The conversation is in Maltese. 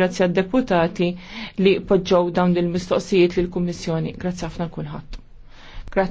Grazzi għad deputati li podġow dawn il-mistoqsijiet l-Kummissjoni. Grazzi għafna kulħadd. Grazzi.